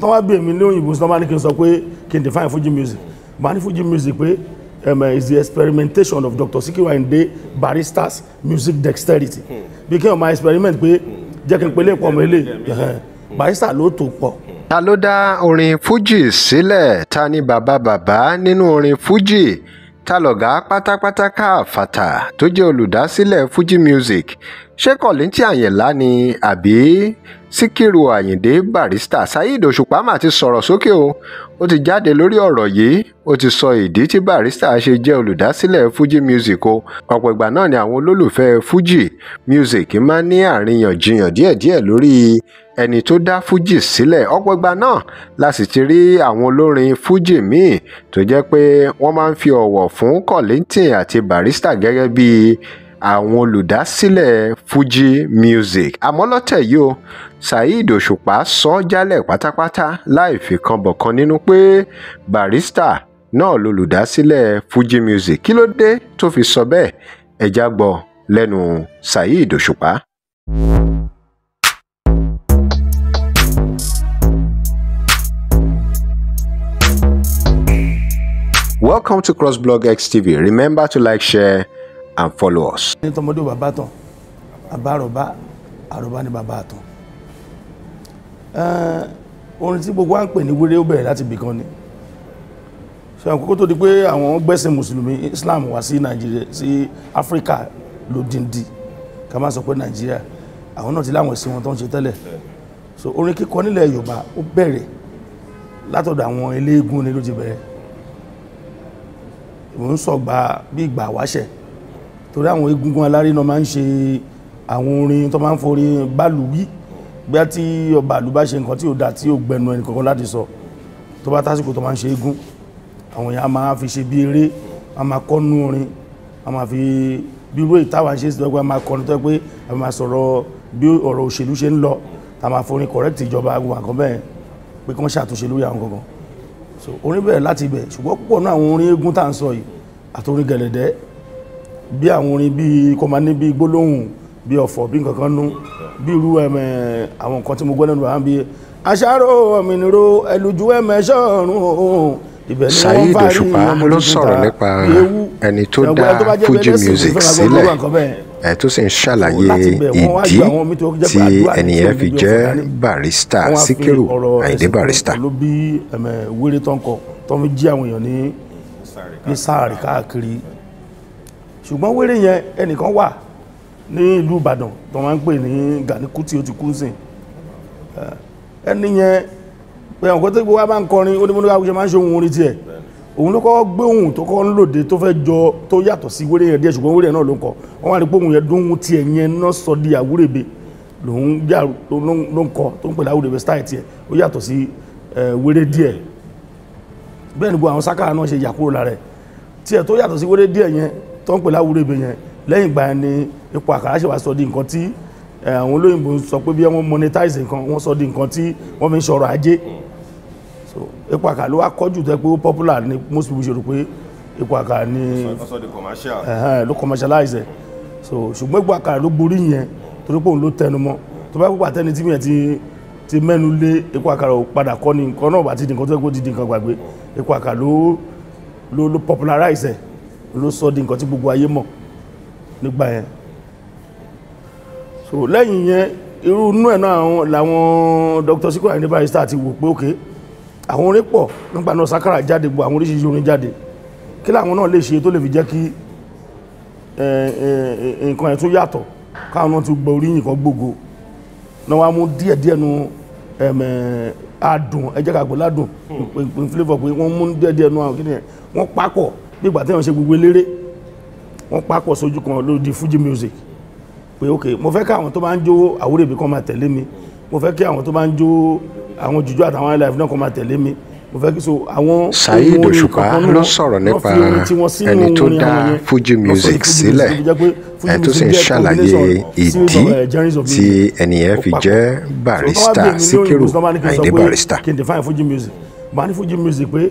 tó wá bèèmí ní òyìnbó sí normal ní kí n sọ pé kí n define Fuji music ma ní Fuji music pé um, is the experimentation of Dr. Sikiru Ayinde baristas music dexterity hmm. bí kí n máa experiment pé hmm. jẹ́ kí n pélé pọ̀ mọ́ eléyìí ló tó pọ̀. ta ló dá orin Fuji sílẹ̀ ta ni bàbá bàbá nínú orin Fuji ta lọ̀gá pátápátá káàfàtà tó jẹ́ olùdásílẹ̀ Fuji music ṣé kọ̀lìntì àyìnlá ni àbí síkírù àyìndé barista saheed òṣùpá mà ti sọ̀rọ̀ sókè o ó ti jáde lórí ọ̀rọ̀ yìí ó ti sọ ìdí tí barista ṣe jẹ́ olùdásílẹ̀ fuji music o ọ̀pọ̀ ìgbà náà ni àwọn olólùfẹ́ fuji music máa ń ní àríyànjiyàn díẹ̀díẹ̀ lórí ẹni tó dá fuji sílẹ̀ ọ̀pọ̀ ìgbà náà la sì ti rí àwọn olórin fuji míì tó jẹ́ pé wọ́n máa ń fi ọ̀wọ̀ fún kọ̀lìntì àti barista gẹ́gẹ́ bíi àwọn olùdásílẹ̀ fuji music àmọ́ lọ́tẹ̀ yìí o saheed òṣùpá sọ ọ́ jálẹ̀ pátápátá láì fi kan bọ̀kan nínú pé barrister náà lolùdásílẹ̀ fuji music kí ló dé tó fi sọ bẹ́ẹ̀ ẹ̀já gbọ́ lẹ́nu saheed òṣùpá. Welcome to CrossBlog XTV. Remember to like, share, and follow us. ní tọmọdé bàbá tán bàbá àròbá àròbá ni bàbá àtàn orin tí gbogbo wa ń pè ní wéré ó bẹ̀rẹ̀ láti ibì kan ni ṣe àkókò tó di pé àwọn gbẹ̀sìn mùsùlùmí Islam wá sí Nàìjíríà sí Áfíríkà lódindi ká má sọ pé Nàìjíríà àwọn náà ti láwọn ẹ̀sìn wọn tó ń ṣe tẹ́lẹ̀ so orin kíkọ nílẹ̀ Yorùbá ó bẹ̀rẹ̀ látọ̀dọ̀ àwọn eléégún ni ló ti bẹ̀rẹ̀ mò ń sọ gba bí ìgbà wáṣẹ̀ torí àwọn egungun aláré náà máa ń ṣe àwọn orin tó máa ń forin báàlù wí gbé tí ọba àlù bá ṣe nǹkan tí ò dá tí ò gbẹnu ẹnì kankan láti sọ tó bá tásìkò tó máa ń ṣe eégún àwọn èèyàn máa fi ṣe bí eré a máa kọ́nu orin a máa fi bí irú ìtawà ṣe sí ọgbà máa kọ́nu tó pé a máa sọ̀rọ̀ bí ọ̀rọ̀ òṣèlú ṣe ń lọ a máa forin correct ìjọba gbogbo àkàn bẹ́ẹ̀ pé kí wọ́n ṣàtúnṣe lórí àwọn kankan so orin bẹ̀rẹ̀ láti ibẹ̀ ṣùgbọ́n púpọ̀ náà àwọn orin eégún tá à ń sọ yìí àti orin bí àwọn orin bíi kò máa ní bíi gbólóhùn bíi ọ̀fọ̀ bíi nǹkan nú bí irú ẹ̀mẹ̀ eh, àwọn nǹkan tí mo gbọ́ lẹ́nu bàbá bíi ọ̀mìnirò ẹlùjú ẹ̀mẹ̀ ṣọ́ọ̀rùn òun ni wọ́n bá rí ọmọ ló sọ̀rọ̀ nípa ẹni tó dá Fuji music sílẹ̀ ẹ tó sì ń ṣàlàyé ìdí tí ẹnìyẹn fi jẹ́ barista Síkírù Àyìndé barista. ló bí ẹ̀mẹ̀ eh, wéré tó kọ tó ń jí àwọn èèyàn ní sáàrì káàkiri ṣùgbọ́n wéré yẹn ẹnìkan wà ní ìlú ìbàdàn tó máa ń pè ní Gani Kuti ó ti kú sí ẹni yẹn pé àwọn kọ́tẹ́ gbogbo wa máa ń kọrin ó ní mọ́nú àwùjọ máa ń ṣe ohun orin tiẹ̀ òun ló kọ́kọ́ gbé ohun tó kọ́ ń lòdì tó fẹ́ jọ tó yàtọ̀ sí wéré yẹn díẹ̀ ṣùgbọ́n wéré náà ló ń kọ wọ́n wá ní pé òun yẹn dún ohun tiẹ̀ yẹn náà tó ń pè láwúrò ibè yẹn lẹ́yìn ìgbà ni epo àkàrà ṣe wá sọ nǹkan tí àwọn olóyìnbó ń sọ pé bí wọ́n monetize nǹkan wọ́n sọ di nǹkan tí wọ́n fi ń ṣọrọ̀ ajé so epo àkàrà ló wá kọjú tó pé ó popular ni most people ṣe rò pé epo àkàrà ni ló commercialize so ṣùgbọ́n epo àkàrà ló borí yẹn torí pé òun ló tẹnu mọ́ tó bá púpà tẹ́ni tí mi ẹ̀ ti ti mẹ́nu lé epo àkàrà ò padà kọ́ ni nǹkan náà bá ti di nǹkan tó yẹ kó di nǹkan gbàgbé epo àkàrà ló popularize ẹ̀ ló sọ di nǹkan tí gbogbo ayé mọ̀ nígbà yẹn so lẹ́yìn yẹn irú inú ẹ̀ náà làwọn Dr. Sikiru Ayinde Barrister ti wò pé òkè àwọn orin pọ̀ nígbà náà sakara jáde gbọ́ àwọn oríṣiríṣi orin jáde kí làwọn náà lè ṣe tó lè fi jẹ́ kí nǹkan ẹ̀ tún yàtọ̀ káwọn náà ti gbọ́ oríyìn kan gbogbo náà wá mú díẹ̀díẹ̀ nu adùn ẹ jẹ́ ká pè ládùn hmm. flavor pé wọ́n mú díẹ̀díẹ̀ nu àwọn kí ni wọ́n papọ̀ bí ìgbà téèyàn ṣe gbogbo eléré wọ́n papọ̀ sójú kan lódi Fuji music pé ok mo fẹ́ kí àwọn tó bá ń jó àwúrèbí kan máa tẹ̀lé mi mo fẹ́ kí àwọn tó bá ń jó àwọn jùjú àtàwọn live náà kan máa tẹ̀lé mi mo fẹ́ kí so àwọn Saheed Òṣùpá ló sọ̀rọ̀ nípa ẹni tó dá Fuji music sílẹ̀ ẹni tó sì ń ṣàlàyé ìdí eh, tí ẹnìyẹn fi jẹ́ Barrister Síkírù Àyìndé define Fuji music mo Fuji music pé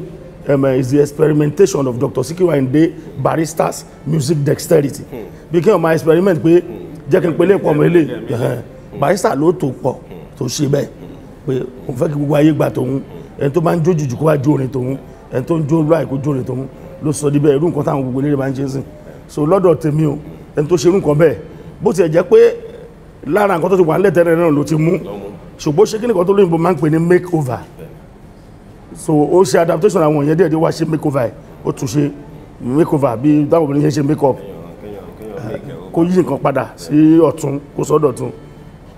um, uh, is the experimentation of Dr. Sikiru Ayinde barrister's music dexterity hmm. bí kí n experiment pé hmm. jẹ́ kí n pélé pọ̀ mọ́ ilé hmm. barrister ló tó pọ̀ tó ṣe bẹ́ẹ̀ pé òun fẹ́ kí gbogbo ayé gbà tòun ẹni tó bá ń jó jùjù kó wá jó orin tòun ẹni tó ń jó láì kó jó orin tòun ló sọ díbẹ̀ irú nǹkan táwọn gbogbo eléré máa ń ṣe ń sìn so lọ́dọ̀ tèmi o ẹni tó ṣe irú nǹkan bẹ́ẹ̀ bó tiẹ̀ jẹ́ pé lára nǹkan tó ti wà ń lẹ̀tẹ̀rẹ̀ náà ló ti mú ṣùgbọ́n ṣé kí nìkan tó lóyìnbó máa ń pè ní make over so ó ṣe adaptation àwọn yẹn díẹ̀ díẹ̀ wá ṣe makeover ẹ̀ ó tún ṣe makeover bí dáwọn obìnrin ṣe ṣe make up kó yí nǹkan padà sí ọ̀tún kó sọ́dọ̀ tún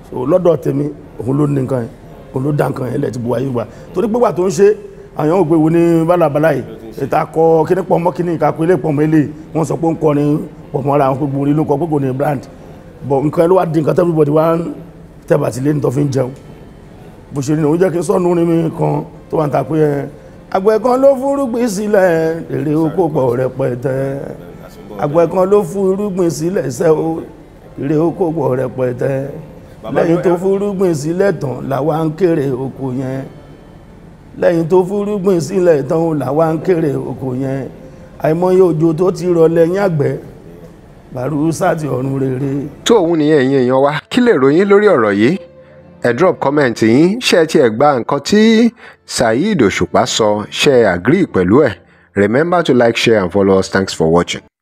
so lọ́dọ̀ tèmi òun ló ní nǹkan yẹn òun ló dá nǹkan yẹn lẹ́ẹ̀tì bu ayé wa torí pé wà tó ń ṣe àyàn ògbé wo ní bálabàlá yìí ìta kọ kíní pọmọ kíní ìkàkọ ilé pọmọ ilé wọn sọ pé ń kọ ní pọmọ ara àwọn gbogbo orin ló kọ gbogbo ní brand but nǹkan ló wá di nǹkan everybody wá ń tẹ̀bàtì lé ní tó fi ń jẹun bó ṣe rí náà ó jẹ́ kí sọ́nù orin mi kan tó wà ń ta pé ẹ kan ló fúrúgbìn sílẹ̀ èrè oko pọ̀ rẹpẹtẹ àgbẹ̀ kan ló fúrúgbìn sílẹ̀ iṣẹ́ o èrè oko pọ̀ rẹpẹtẹ lẹ́yìn tó fúrúgbìn sílẹ̀ tán làwa ń kéré oko yẹn lẹ́yìn tó fúrúgbìn sílẹ̀ tán làwa ń kéré oko yẹn àìmọye òjò tó ti rọ̀ lẹ́yìn àgbẹ̀ bàrú sáà ọ̀run rere. tó òun nìyẹn ẹ̀yin èèyàn wa kí lè ròyìn lórí ọ̀rọ̀ yìí ẹ drop comment yín ṣé ẹ tiẹ̀ gba nǹkan tí Saheed Òṣùpá sọ ṣé agree pẹ̀lú ẹ̀ remember to like share and follow us thanks for watching.